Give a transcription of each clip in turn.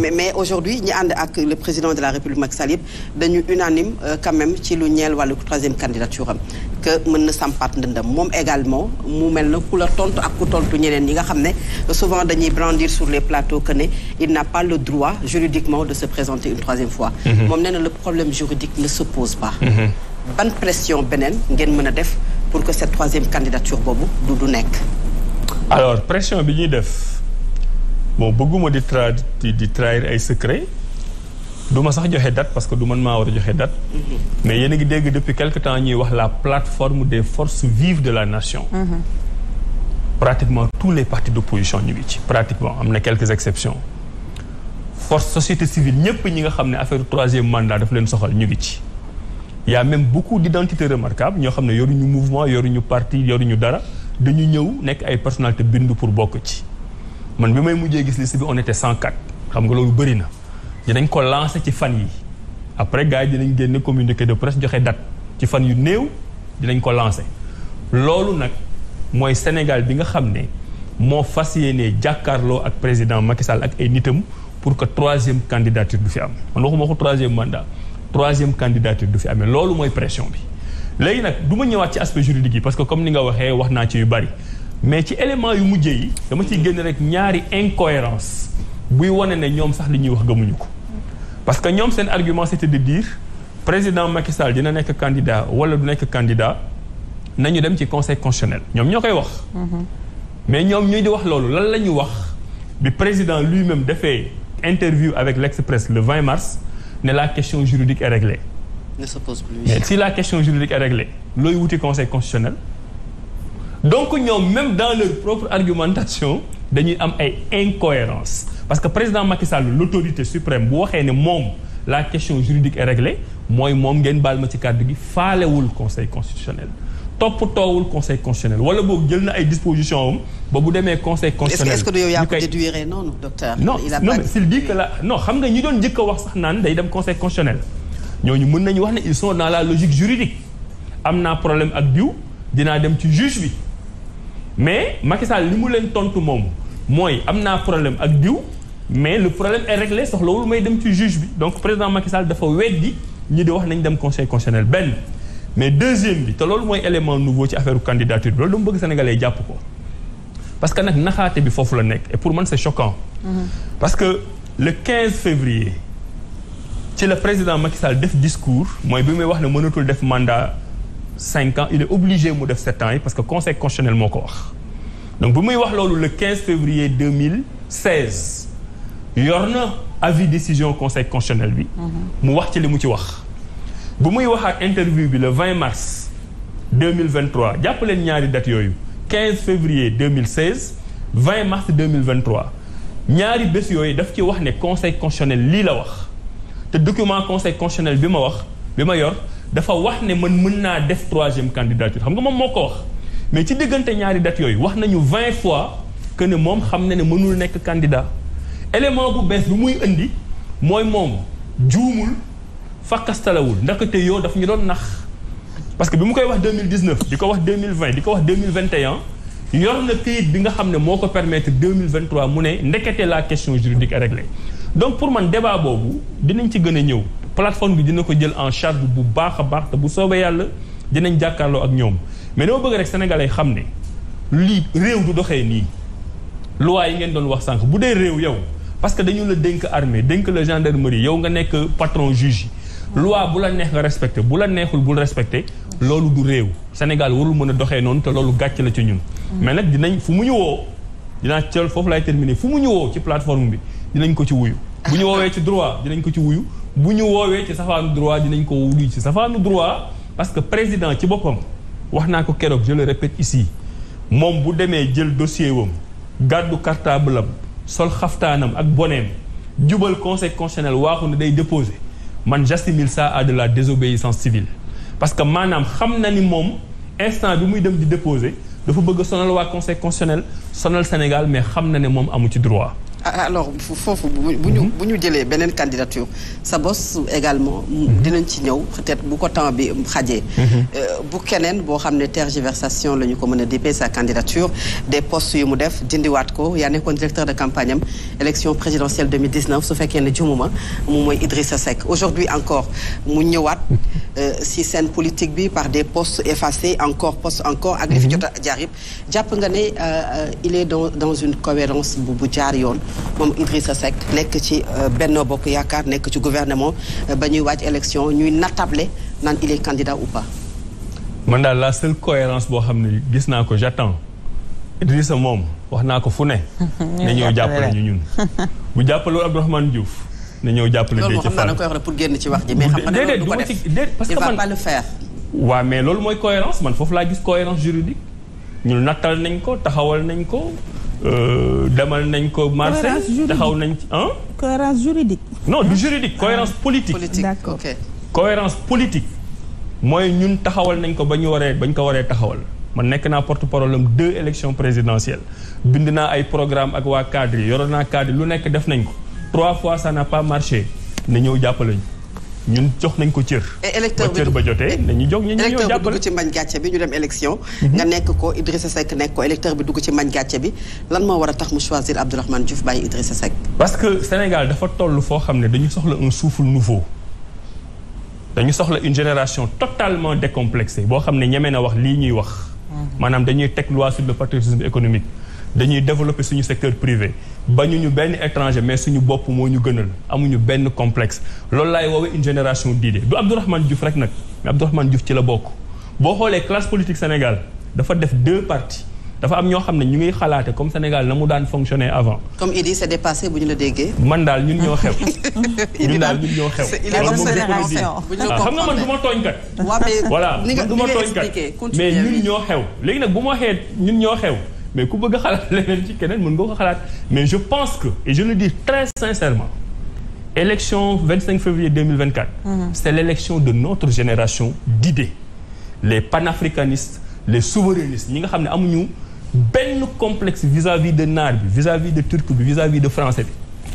mais aujourd'hui le président de la république Macky Sall unanime euh, quand même ci lu troisième candidature que mën na sommes pas également mu mel na la tontu ak ku tontu ñeneen yi nga souvent brandir sur les plateaux que il n'a pas le droit juridiquement de se présenter une troisième fois mhm. le problème juridique ne se pose pas mhm. Bonne pression Benen ngeen pour que cette troisième candidature bobu du du alors pression bi bon bëgguma di tra di trahir ay secret du ma sax joxe date parce que du man maa war a joxe date mhm. mais y a ngi dégg depuis quelques temps ñuy wax la plateforme des forces vives de la nation mhm. pratiquement tous les partis d'opposition ñu ngi ci pratiquement am na quelques exceptions force société civile ñëpp ñi nga xam ne affaire troisième mandat daf leen soxal ñu ngi ci y a même beaucoup d'identités remarquables ñoo xam ne yoruñu mouvement yoruñu parti yoruñu dara dañu ñëw nekk ay personnalité bindu pour bokk man bi may mujjee gis liste bi on était 104 xam nga loolu bëri na dinañ ko lancé ci fan yi après gars yi dinañ génne communiqué de presse joxe dat ci fan yu néew dinañ ko lancé loolu nag mooy Sénégal bi nga xam ne moo fas yéenee jàkkaarloo ak président Macky Sall ak ay nitam pour que troisième candidature du fi am man waxuma ko troisième mandat troisième candidature du fi amee loolu mooy pression bi léegi nag du ma ñëwaat ci aspect juridique yi parce que comme ni nga waxee wax naa ci yu bari mais ci élément yu plus yi dama ci génn rek ñaari incohérence buy wane ne ñoom sax li wax parce que ñoom seen argument c'était de dire président Macky Sall dina nekk candidat wala du nekk candidat nañu dem ci conseil constitutionnel ñoom ñoo koy wax mm-hmm. mais ñoom ñuy di wax loolu lan la wax président lui-même defee interview avec l'Express le 20 mars ne la question juridique est réglée ne se pose plus si la question juridique est réglée looy wuti conseil constitutionnel donc nous, même dans leur propre argumentation dañuy am ay incohérence parce que le président Macky Sall l'autorité suprême bu la question juridique est réglée mooy mom ngeen baal ma cadre kàddu gi le conseil constitutionnel le conseil constitutionnel wala boog jël na ay dispositions am ba bu conseil constitutionnel. est-ce que vous yaa ko déduire non, docteur. non non mais s'il dit que là... non xam nga ñi doon njëkk wax sax conseil constitutionnel Nous, nous nañu wax ils sont dans la logique juridique a un problème ak diw dinaa dem ci juge mais Macky Sall li mu leen tontu moom mooy am naa problème ak diw mais le problème est réglé soxlawul loolu may dem ci juge bi donc président Macky Sall dafa weddi ñi di wax nañ dem conseil constitutionnel benn. mais deuxième bi te loolu mooy élément nouveau ci affaire candidature bi loolu dama bëgg sénégalais jàpp ko parce que nag naxaate bi foofu la nekk et pour moi, c'est choquant. Mm-hmm. parce que le 15 février ci la président Macky Sall def discours mooy bi muy wax ne mënatul def mandat cinq ans il est obligé de faire sept ans parce que conseil constitutionnel moo encore. wax donc bu muy wax loolu le 15 février 2016 yor na avis décision conseil constitutionnel Je mhm. mu wax ci li mu ci wax bu muy interview le 20 mars 2023 jàpp leen ñaari date yooyu 15 février 2016 20 mars 2023 ñaari bés yooyu daf ci wax conseil constitutionnel il la wax document conseil constitutionnel bi ma wax dafa wax ne mën mën naa def troisième candidature xam nga moom moo ko wax mais ci diggante ñaari date yooyu wax nañu vingt fois que ne moom xam na ne mënul nekk candidat élément bu bees bi muy indi mooy moom juumul fakastalawul te yoo daf ñu doon nax parce que bi mu koy wax 2019 di ko wax 2020 di ko wax 2021 yor na këyit bi nga xam ne moo ko permettre 2023 mu ne ndekete la question juridique est réglée donc pour man débat boobu dinañ ci gën a ñëw plateforme bi dina ko jël en charge bu baax a baax te bu soobee yàlla dinañ jàkkaarloo ak ñoom mais dama bëgg rek sénégalais xam ne lii réew du doxee nii loi yi ngeen doon wax sànq bu dee réew yow parce que dañu la dénk armée dénk la gendarmerie yow nga nekk patron juge loi bu la neex nga respecté bu la neexul bul respecté loolu du réew Sénégal warul mën a doxee noonu te loolu gàcc la ci ñun mais nag dinañ fu mu ñu woo dinaa cël foofu laay terminer fu mu ñu woo ci plateforme bi dinañ ko ci wuyu bu ñu woowee ci droit dinañ ko ci wuyu bu ñu woowee ci safaanu droit dinañ ko wuyu ci safaanu droit parce que président ci boppam wax naa ko keroog je le répète ici moom bu demee jël dossier wam gàddu cartable am sol xaftaanam ak boneem jubal conseil constitutionnel waaxu ne day déposé man j'assimile ça à de la désobéissance civile parce que maanaam xam na ni moom instant bi muy dem di déposé dafa bëgg sonal waa conseil constitutionnel sonal Sénégal mais xam na ne moom amu ci droit ah, alors vous nous dites candidature sa bosse également peut-être bu ko temps bi mhm. euh, a sa candidature des postes directeur de campagne élection présidentielle 2019 su qu'il ne jumuma un moment Idrissa Seck aujourd'hui encore mu mhm. euh, si politique par des postes effacés encore postes encore ak mhm. euh, il est dans une cohérence moom Idrissa Seck nek ci euh, Benno bok que nek ci gouvernement euh, ba ñuy élection ñuy natable il est candidat ou pas. man la seule cohérence gis j'attends Idrissa wax ne. ñun. bu Diouf. pas le faire. mais cohérence man gis cohérence juridique nañ ko taxawal Euh, demal nañ ko Marseille taxaw nañ ci ah. cohérence juridique. non du juridique cohérence politique. politique d'accord cohérence politique. mooy ñun taxawal nañ ko ba ñu waree ba ñu ko waree taxawal man nekk naa porte parole deux élections présidentielles bind naa ay programme ak waa cadre yi yoroon naa cadre lu nekk def nañ ko trois fois ça n'a pas marché na ñëw jàppale ñu. ñun jox nañ ko cër. électeur bi ba jotee nañu jox ñu ñoo jàppale dugg ci mbañ gàcce bi ñu dem élection. Mhm. nga nekk ko Idrissa Seck nekk ko électeur bi dugg ci mbañ gàcce bi lan moo war a tax mu choisir Abdourahmane Diouf bàyyi Idrissa Seck. parce que Sénégal dafa toll foo xam ne dañu soxla un souffle nouveau dañu soxla une génération totalement décomplexée boo xam ne ñeme na wax lii ñuy wax. Mhm. maanaam dañuy teg loi sur le patriotisme économique dañuy développer suñu secteur privé ñu benn étranger mais suñu bopp moo ñu gënal amuñu benn complexe loolu laay woowee une génération d'idées du Abdourahmane Diouf rek nag mais Abdourahmane Diouf ci la bokk boo xoolee classe politique Sénégal dafa def deux parties dafa am ñoo xam ne ñu ngi xalaate comme Sénégal na mu daan fonctionner avant. comme il Idy c'est dépassé bu ñu la déggee. man daal ñun ñoo xew. ñun daal ñun ñoo xew. il est ah, xam nga man du ma tooñ kat. voilà man du ma tooñ kat mais ñun ñoo xew léegi nag bu ma waxee ñun ñoo xew mais bëgg mais je pense que et je le dis très sincèrement élection 25 février 2024 mhm. c'est l'élection de notre génération d'idées les panafricanistes les souverainistes ñi nga un complexe vis-à-vis de naar vis-à-vis de turc vis-à-vis de français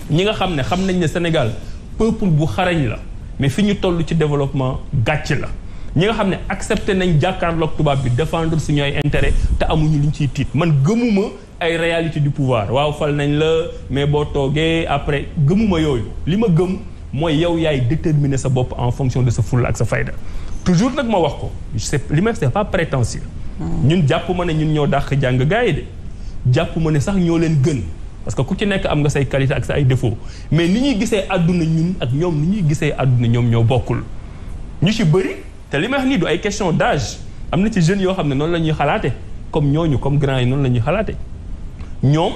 bi ñi nga xam ne xam nañ Sénégal peuple bu xarañ la mais fi ñu toll ci développement gàcc la ñi nga xam ne accepté nañ jàkkaarloog tubaab bi défendre suñu ay intérêt te amuñu luñ ciy tiit man gëmuma ay réalité du pouvoir waaw fal nañ la mais boo toogee après gëmuma yooyu li ma gëm mooy yow yaay déterminer sa bopp en fonction de sa fulla ak sa fayda toujours nag ma wax ko c'est li ma c'est pas prétentieux hmm. ñun jàpp ma ne ñun ñoo dàq jàng gars de jàpp ma ne sax ñoo leen gën parce que ku ci nekk am nga say qualité ak sa ay défaut mais ni ñuy gisee àdduna ñun ak ñoom ni ñuy gisee àdduna ñoom ñoo bokkul ñu te li may wax nii du ay question d'âge am na ci jeunes yoo xam ne noonu la ñuy xalaate comme ñooñu comme grand yi noonu la ñuy xalaate ñoom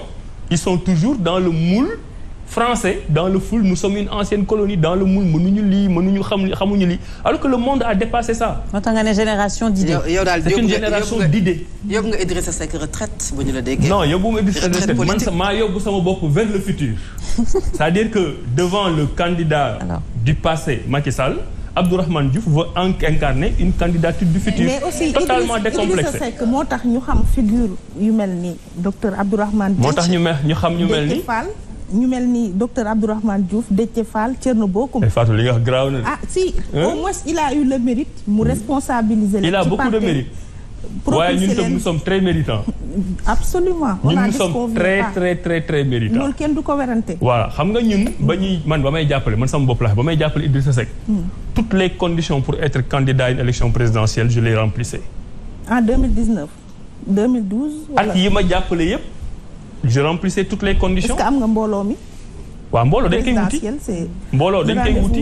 ils sont toujours dans le moule français dans le foule nous sommes une ancienne colonie dans le moule mënuñu lii mënuñu xam xamuñu lii alors que le monde a dépassé ça. moo tax nga ne génération d'idées. yow daal c'est une génération d'idées. yóbbu nga Idrissa Seck retraite bu ñu la déggee. non yóbbu ma Idrissa retraite man sa maa yóbbu sama bopp vers le futur. c'est-à-dire que devant le candidat. du passé Macky Sall. Abdourahmane Diouf veut incarner une candidature du futur. totalement décomplexée. Idrissa Seck que tax ñu xam figure yu mel ni docteur Abdourahmane Diouf moo tax ñu ñu xam ñu mel ni ñu docteur Abdourahmane Diouf Déthié Fall Thierno Bocoum. et Fatou li nga ah si au hein? moins il a eu le mérite. mu mm. responsabiliser il a beaucoup de mérite. Oui, nous, sommes, nous sommes très méritants. Absolument. nous, sommes très, ah. très, très, très méritants. Voilà. Toutes les conditions pour être candidat à une élection présidentielle, je les remplissais. En 2019, 2012 Je remplissais toutes les conditions. Est-ce waaw mbooloo dañ koy wuti mbooloo dañ koy wuti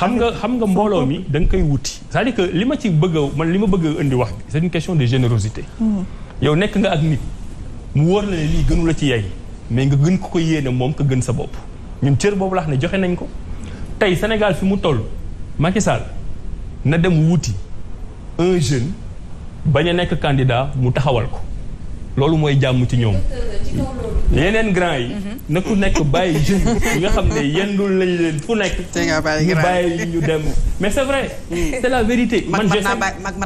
xam nga xam nga mbooloo mi danga koy wuti saa à dire que li ma ci bëgg a man li ma bëgg a indi wax bi c'est une question de générosité mm-hmm. yow nekk nga ak nit mu wóor la ne lii gënu la ci yay mais nga gën ko ko yéene moom ko gën sa bopp ñun cër boobu laax ne joxe nañ ko tey Sénégal fi mu toll Macky na dem wuti un jeune bañ a nekk kandidaa mu taxawal ko loolu mooy jàmm ci ñoom yeneen grand yi. na ku nekk bàyyi jeunes yi nga xam ne yendul lañ leen fu nekk. ñu bàyyi ñu dem mais c' est vrai. c' est la vérité. man je sais xam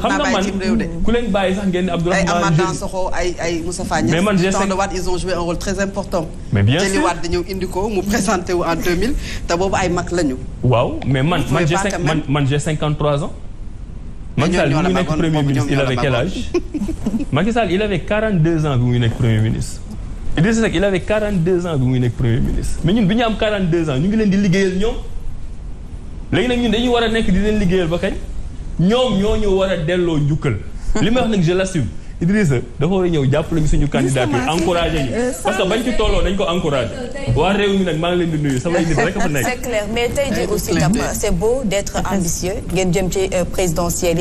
nga man ku leen bàyyi sax ngeen di Abdourahmane ay Amath Dansokho ay ay Moussa Fagne. mais man je sais Wade ils ont joué un rôle très important. mais bien sûr Wade dañoo indi ko mu présenté wu en 2000 te boobu ay mag lañu. waaw mais man man j' ai man man j' ai 53 ans. Macky Sall bi mu nekk premier ministre il avait quel âge Macky Sall il avait 42 ans bi mu nekk premier ministre. Idrissa Seck il avait 42 ans bi muy nekk premier ministre mais ñun bi ñu am 42 ans ñu ngi leen di liggéeyal ñoom léegi nag ñun dañuy war a nekk di leen liggéeyal ba kañ ñoom ñoo ñu war a delloo njukkal. li may wax nag je Idrissa dafa war a ñëw jàppale ñu suñu candidat yi encouragé ñu euh, parce que bañ ci tolloo dañ ko encouragé waa réew mi nag maa ngi leen di nuyu samay nit rek fa nekk c'est tey jii aussi tam c'est beau euh, yi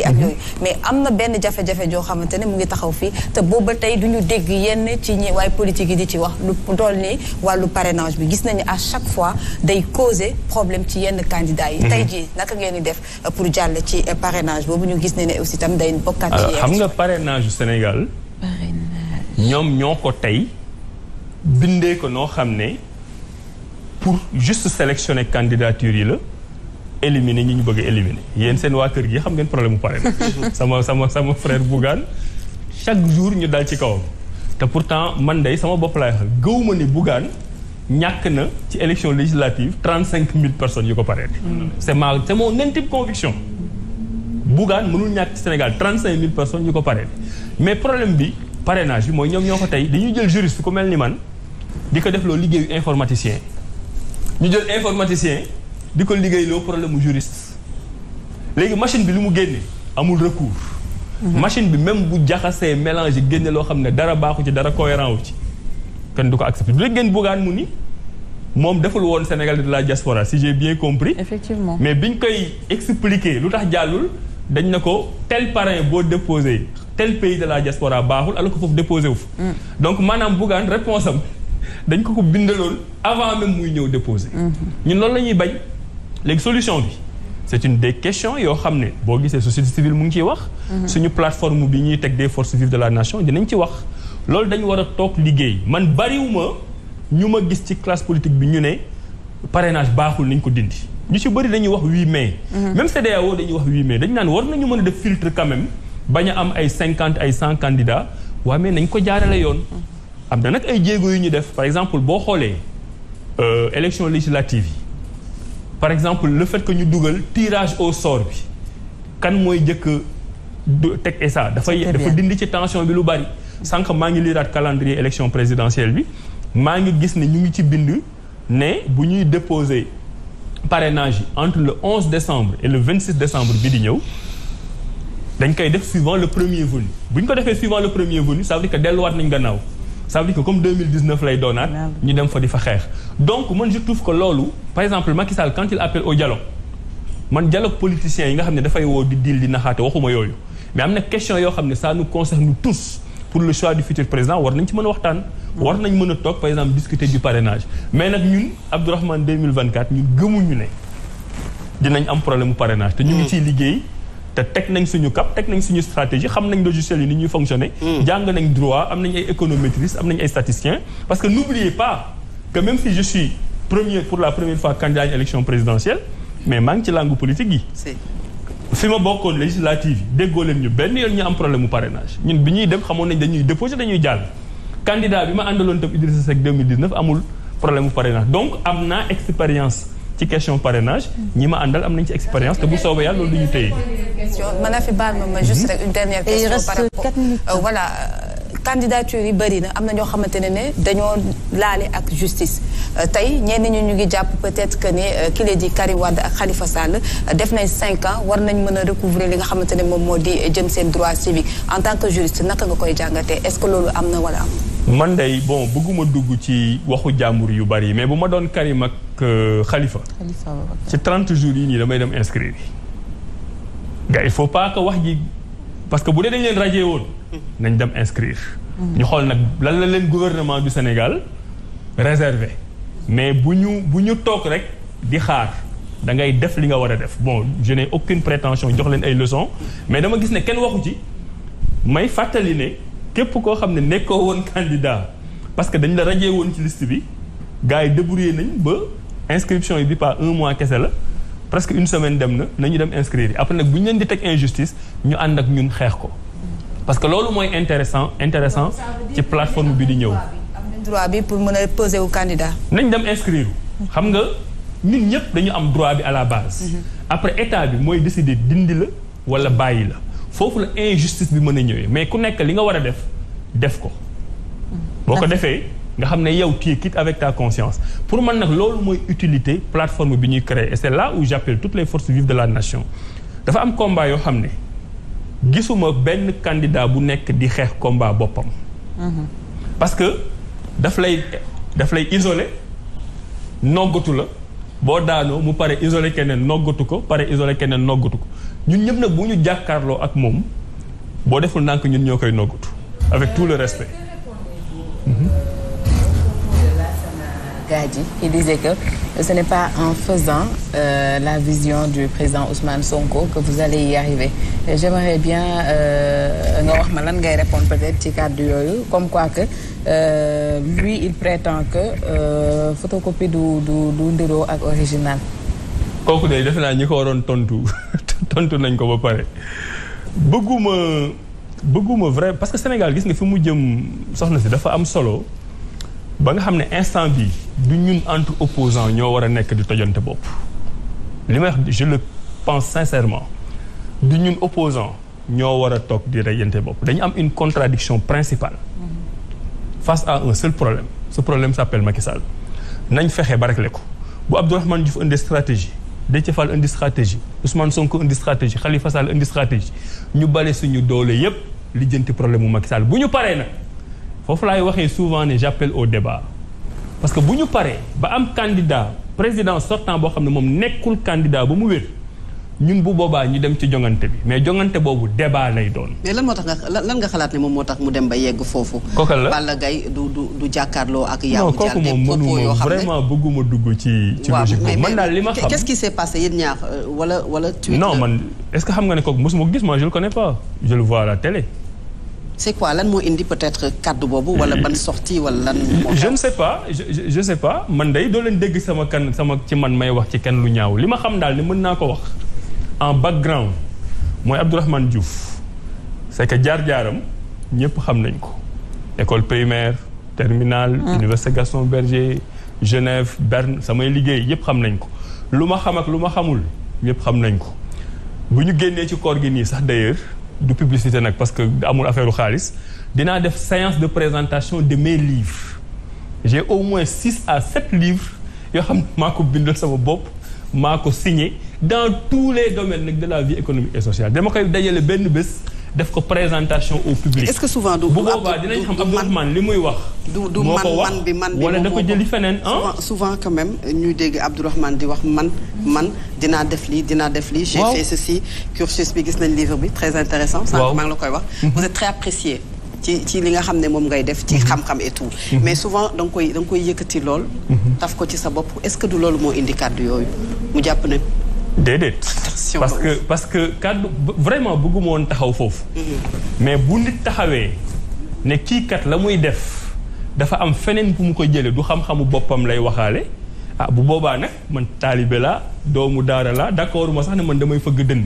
ak mhm. yooyu am na benn jafe joo xamante ne mu ngi taxaw fii te booba tey du ñu dégg yenn ci ñi waaye politique yi di ci wax lu toll nii wàllu parrainage bi gis nañu à chaque fois day causer problème ci yenn candidats yi mhm. tey jii naka ngeen di def euh, pour jàll ci parrainage boobu ñu gis ne ne aussi tam day bokkaat xam nga parrainage Sénégal Sénégal ñoom ñoo ko tey bindee ko noo xam pour juste sélectionner candidature yi la éliminer ñi ñu bëgg a éliminer yéen seen waa kër gi xam ngeen problème bu pare sama sama sama frère Bougane chaque jour ñu dal ci kawam te pourtant man day sama bopp laay xam gëwuma ni Bougane ñàkk na ci élection législative trente cinq mille personnes yu ko paree. Mm. c'est ma c'est mon intime conviction Bougane mënul ñàkk ci Sénégal 35 000 personnes ñu ont parrainé mais problème bi parrainage bi mooy ñoom ñoo ko tey dañuy jël juriste ku mel ni man di ko def loo informaticiens, informaticien ñu jël informaticien di ko liggéeyloo problème mu juriste léegi machine bi lu mu génne amul recours mhm. machine bi même bu jaxasee mélange génne loo xam ne dara baaxu ci dara cohérent wu ci kenn du ko accepté du ngeen Bougane mu ni moom deful Sénégal de la diaspora si j'ai bien compris effectivement mais biñ koy expliquer lu tax tel parrain boo déposé tel pays de la diaspora alors que faut mm. donc maanaam Bougane réponse am dañ ko ko bindaloon avant même muy déposé. Mm-hmm. ñun la solution c'est une des questions yoo xam ne boo société civile mu ngi une wax. Mm-hmm. plateforme bi ñuy teg des forces vives de la nation dinañ ci wax. loolu dañ war a man bariwuma ñu ma classe politique bi ñu parrainage ñu ci bëri dañuy wax 8 mai. Mhm. même CDAO dañuy wax 8 mai dañ naan war nañu mën a def filtre quand même bañ a am ay 50 ay 100 candidats waaye mais nañ ko jaarale yoon. Mhm. am na nag ay jéego yu ñu def par exemple boo xoolee euh, élection législative yi par exemple le fait que ñu dugal tirage au sort bi kan mooy njëkk teg esa dafay dafa dindi ci tension bi lu bari. sànq maa ngi liiraat calendrier élection présidentielle bi maa ngi gis ne ñu ngi ci bind ne bu ñuy déposer parrainage entre le 11 décembre et le 26 décembre bi di ñëw dañ def suivant le premier venu buñ ko defee suivant le premier venu ça veut dire que delluwaat nañ gannaaw ça veut dire que comme 2019 lay doonaat ñu dem fa di fa xeex donc man je trouve que loolu par exemple Macky Sall quand il appelle au dialogue man dialogue politicien yi nga xam ne dafay woo di dil di naxaate waxuma mais am na question yoo xam ça nous concerne nous tous pour le choix du futur président war nañ ci mën war nañ mën a par exemple discuter du parrainage mais nag ñun Abdourahmane 2024 ñun gëmuñu ne dinañ am problème parrainage. te ñu ngi mm. ciy liggéey te teg nañ suñu cap teg nañ suñu stratégie xam nañ logiciel yi ni ñuy fonctionner. Mm. jàng nañ droit am nañ ay économétristes am nañ ay statisticiens parce que n'oubliez pas que même si je suis premier pour la première fois candidat à l'élection présidentielle mais maa ngi ci langue politique yi. fi ma bokkoon législative yi déggoo leen ñu benn yoon ñu am problème mu parrainage ñun bi ñuy dem xamoon nañ dañuy déposé dañuy jàll. candidat bi ma àndaloon tam Idrissa Seck amul problème mu donc am naa expérience ci question parrainage. ñi ma àndal am nañ ci expérience te bu soobee yàlla loolu du ñu téye. candidature yi bëri na am na ñoo xamante ne ne dañoo laale ak justice euh, tey ñenn ñu ñu ngi jàpp peut-être que ne euh, ki di Karim Wade ak Khalifa Sall euh, def nañ cinq ans war nañ mën a recouvrer li nga xamante ne moom moo di jëm seen droit civique en tant que juriste naka nga koy jàngatee est-ce que loolu am na wala am man day bon bëgguma dugg ci waxu jàmbur yu bëri mais bu ma doon Karim ak Khalifa ci 30 jours yi nii damay dem inscrire yi gars il faut pas parce que bu dee dañ leen radier woon nañ dem inscrire ñu xool nag lan la leen gouvernement du Sénégal réservé mais bu ñu bu ñu toog rek di xaar da ngay def li nga war a def bon je n'ai aucune prétention jox leen ay leçon. mais dama gis ne kenn waxu ci may fàttali ne képp koo xam ne nekkoo woon candidat parce que dañ la radier woon ci liste bi gars yi débrouillé nañ ba inscription yi bi pas un mois kese la presque une semaine dem na nañu dem inscrire après nag bu ñu leen di teg injustice ñu ànd ak ñun xeex ko parce que loolu mooy intéressant intéressant ci plateforme bi di ñëw. droit bi pour mën a poser au candidat. nañ dem inscrire xam nga nit ñëpp dañu am droit bi à la base. Mhm. après état bi mooy décider dindi la wala bàyyi la foofu la injustice bi mën a ñëwee mais ku nekk li nga war a def def ko. boo ko defee nga xamné yow tu es quitte avec ta conscience pour man nak loolu moy utilité plateforme bi ñuy créer et c'est là où j'appelle toutes les forces vives de la nation dafa am combat yo xamné gisuma ben candidat bu nek di combat boppam. Mhm. parce que daf lay daf lay isolé noggatu la bo daano mu paré isolé kenen noggatu ko pare isolé kenen noggatu ko ñun ñëpp nak bu ñu jàkkaarloo ak mom bo deful nank ñun ñokay avec tout le respect. Mhm. Il disait que ce n'est pas en faisant euh, la vision du président Ousmane Sonko que vous allez y arriver. J'aimerais bien euh, nga wax répondre peut-être ci kàddu comme quoi que euh, lui il prétend que euh, photocopie du du du ne sais original. kooku de defe naa ñi ko waroon tontu tontu nañ ko ba je suis un vrai parce que Sénégal gis nga fi mu jëm soxna si dafa am solo ba nga xam ne instant vie du ñun entre opposants ñoo war a nekk di tojante bopp li may wax je le pense sincèrement du ñun opposants ñoo war a toog di reyante bopp dañu am une contradiction principale face à un seul problème ce problème s'appelle Macky Sall nañ fexe ba réglé ko bu Abdourahmane Diouf indi stratégie Déthié Fall indi stratégie Ousmane Sonko indi stratégie Khalifa Sall indi stratégie ñu bale suñu doole yépp lijjanti problème mu Macky Sall bu ñu paree nag foofu laay waxee souvent ne j'appelle au débat parce que bu ñu paree ba am candidat président sortant boo xam ne moom nekkul candidat bu mu wér ñun bu boobaa ñu dem ci jongante bi mais jongante boobu débat lay doon. mais lan moo tax nga lan nga xalaat ne moom moo tax mu dem ba yegg foofu. kookal la Balla Gaye du du du jàkkaarloo ak. yàggu jàll beeg propos yoo moom mënu ma vraiment bëgguma dugg ci. ci logique boobu man daal li ma xam. qu'est-ce qui s'est passé yéen ñaar euh, wala wala. non man est-ce que xam nga ne kooku mosuma ko gis moi je le connais pas je le vois à la télé c'est quoi indi peut-être ou la sortie je ne sais pas je je sais pas ne sama kan sama en background sais Abdourahmane Diouf c'est que jar xam nañ école primaire terminale. Ah. université Gaston Berger Genève Berne liguey xam nañ ko xam ak xamul xam nañ ko d'ailleurs de publicité parce que amul affaire u xaalis dinaa des séances de présentation de mes livres j'ai au moins 6 à 7 livres Je xam maa signé dans tous les domaines de la vie économique et sociale Je koy dajale def ko présentation au public. est-ce que souvent du wax. man man souvent même di def j'ai fait ceci cursus bi gis livre très intéressant mhm. vous êtes très apprécié. ci li nga ngay def ci mhm. et tout. Mhm. mais souvent da nga koy da koy yëkkati lool. taf ko est-ce que du loolu moo mu déedéet parce que parce que kàddu vraiment bëgguma woon taxaw foofu mm-hmm. mais bu nit taxawee ne kii kat la muy def dafa am feneen bu mu ko jële du xam-xamu boppam lay waxaale ah bu boobaa nag man taalibe laa doomu daara la d'accord ma sax ne man damay fëgg dënn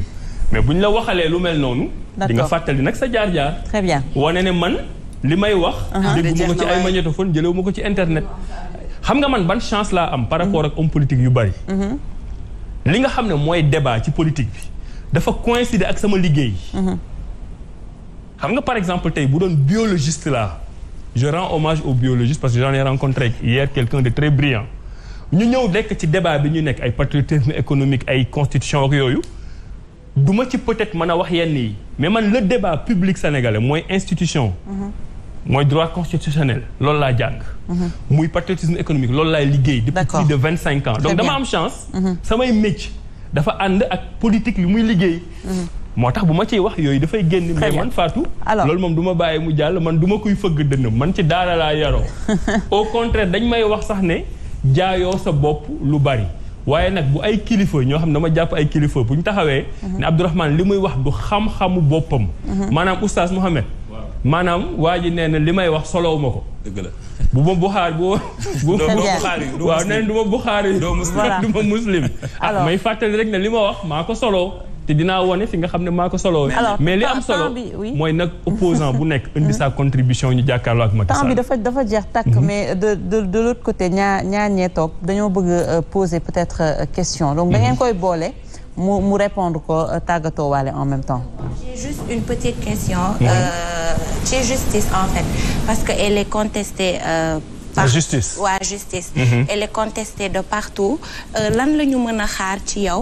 mais bu ñu la waxalee lu mel noonu di nga fàttali nag sa jaar-jaar très bien wane ne man li may wax ah, ah. déggu ma ko ci ay magnétophone jëlewu ma ko ci internet xam nga man ban chance laa am par rapport ak homme politique yu bari mm-hmm. li nga xam ne débat politique bi dafa coïncider ce que je xam nga par exemple vous bu un biologiste je rends hommage aux biologistes parce que j'en ai rencontré hier quelqu'un de très brillant Nous avons nekk ci débat bi le patriotisme économique la constitution ak du peut-être mën wax mais le débat public sénégalais mooy institution. Mhm. mooy droit constitutionnel loolu laa jàng. Mhm. muy patriotisme économique loolu laay liggéey. depuis plus de vingt cinq ans. donc dama am chance. Mhm. samay métier dafa ànd ak politique li muy liggéey. Mhm. moo tax bu ma ciy wax yooyu dafay génn. may man Fatou. alors loolu moom du ma bàyyi mu jàll man duma ma koy fëgg dënnam man ci daara laa yaroo. au contraire dañ may wax sax ne jaayoo sa bopp lu bari. waaye nag bu ay kilifa ñoo xam ne dama jàpp ay kilifa bu ñu taxawee. ne Abdourahmane li muy wax du xam-xamu boppam. maanaam oustaz Mohamed. maanaam waa ji nee na li may wax solow ma ko. dëgg la bu ma buxaar bu bu ma buxaari waaw nee na du ma buxaari du ma muslim ah may fàttali rek ne li ma wax maa ko soloo te dinaa wone fi nga xam ne maa ko soloo mais li am solo mooy nag opposant bu nekk indi sa contribution ñu jàkkaarloo ak Macky Sall temps dafa dafa jeex tàkk mhm. mais de de de côté ñaar ñaar ñee toog dañoo bëgg euh, poser peut-être euh, question donc da mhm. koy boole mu mu répondre ko euh, tàggatoo waale en même temps. j'ai juste une petite question. Mhm. Euh, justice en fait parce que elle est contestée. Euh, par justice ouais, justice. Mhm. elle est contestée de partout euh, lan la ñu a xaar